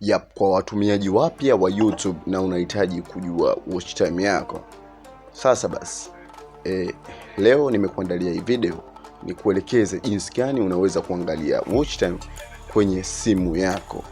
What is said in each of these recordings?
ya kwa watumiaji wapya wa YouTube na unahitaji kujua watch time yako. Sasa basi e, leo nimekuandalia hii video ni kuelekeze jinsi gani unaweza kuangalia watch time kwenye simu yako.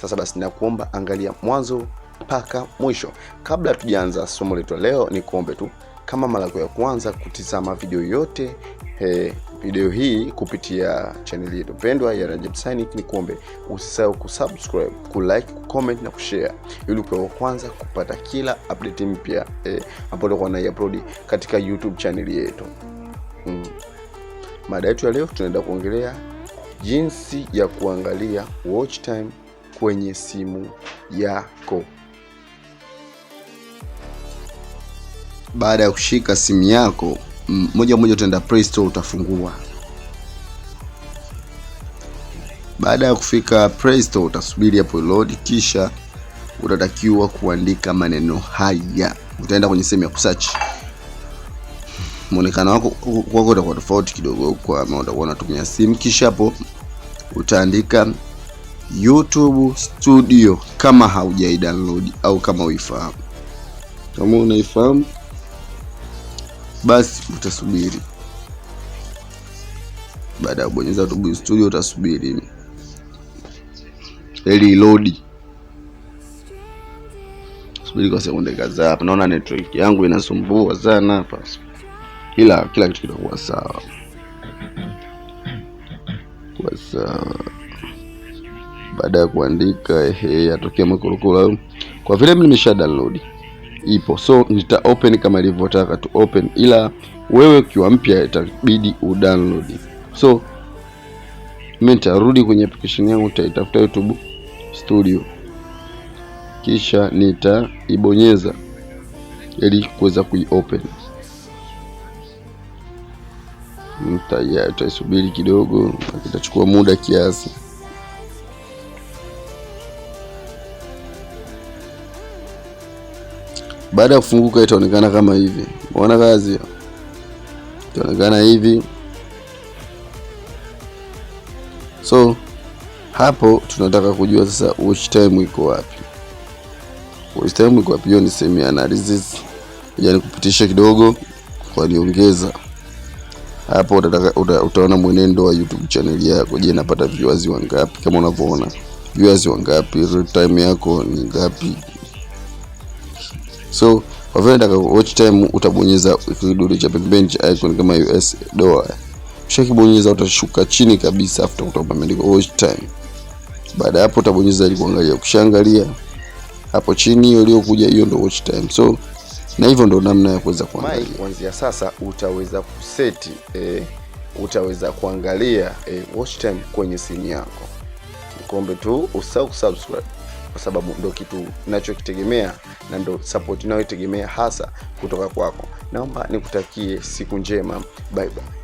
Sasa basi nakuomba angalia mwanzo mpaka mwisho. Kabla tujaanza somo letu leo, ni kuombe tu kama mara ya kwanza kutizama video yote e, video hii kupitia chaneli yetu pendwa ya Rajab Synic, ni kuombe usisahau kusubscribe, kulike, kucomment na kushare ili kuwa wa kwanza kupata kila update mpya eh, ambayo tutakuwa na upload katika YouTube chaneli yetu. Mm. Mada yetu ya leo tunaenda kuongelea jinsi ya kuangalia watch time kwenye simu yako. Baada ya kushika simu yako Mm, moja moja utaenda Play Store utafungua. Baada ya kufika Play Store utasubiri hapo load, kisha utatakiwa kuandika maneno haya. Utaenda kwenye sehemu ya kusearch. Muonekano wako wako utakuwa tofauti kidogo, kwa maana utakuwa unatumia simu. Kisha hapo utaandika YouTube Studio kama haujai download au kama uifahamu. Kama unaifahamu basi utasubiri. Baada ya kubonyeza tu boost Studio utasubiri ili load, subiri kwa sekunde kadhaa hapa. Naona network yangu inasumbua sana hapa, ila kila kitu kitakuwa sawa kwa sawa. Baada ya kuandika ehe, atokea makorokoro kwa vile mimi nimesha download ipo, so nita open kama ilivyotaka tu open, ila wewe ukiwa mpya itabidi udownload. So mimi nitarudi kwenye application yangu, nitaitafuta YouTube Studio kisha nitaibonyeza ili kuweza kuiopen. Nitaisubiri kidogo, itachukua muda kiasi. Baada ya kufunguka itaonekana kama hivi, unaona kazi itaonekana hivi. So hapo tunataka kujua sasa watch time iko wapi? Watch time iko wapi? Hiyo ni sehemu ya analysis, yani kupitisha kidogo kwa niongeza hapo utataka, uta, utaona mwenendo wa YouTube channel yako. Je, napata viewers wangapi? Kama unavyoona viewers wangapi, real time yako ni ngapi? So kwa vile nataka watch time, utabonyeza kidude cha pembeni cha icon kama US dollar. kisha utashuka chini kabisa, after kutoka imeandikwa watch time. Baada hapo utabonyeza ili kuangalia, ukishaangalia hapo chini hiyo iliyokuja hiyo ndio watch time. So na hivyo ndo namna ya kuweza kuangalia. Kuanzia sasa utaweza kuseti eh, utaweza kuangalia eh, watch time kwenye simu yako. Nikombe tu usahau kusubscribe kwa sababu ndo kitu nachokitegemea na ndo support nayoitegemea hasa kutoka kwako. Naomba nikutakie siku njema, bye bye.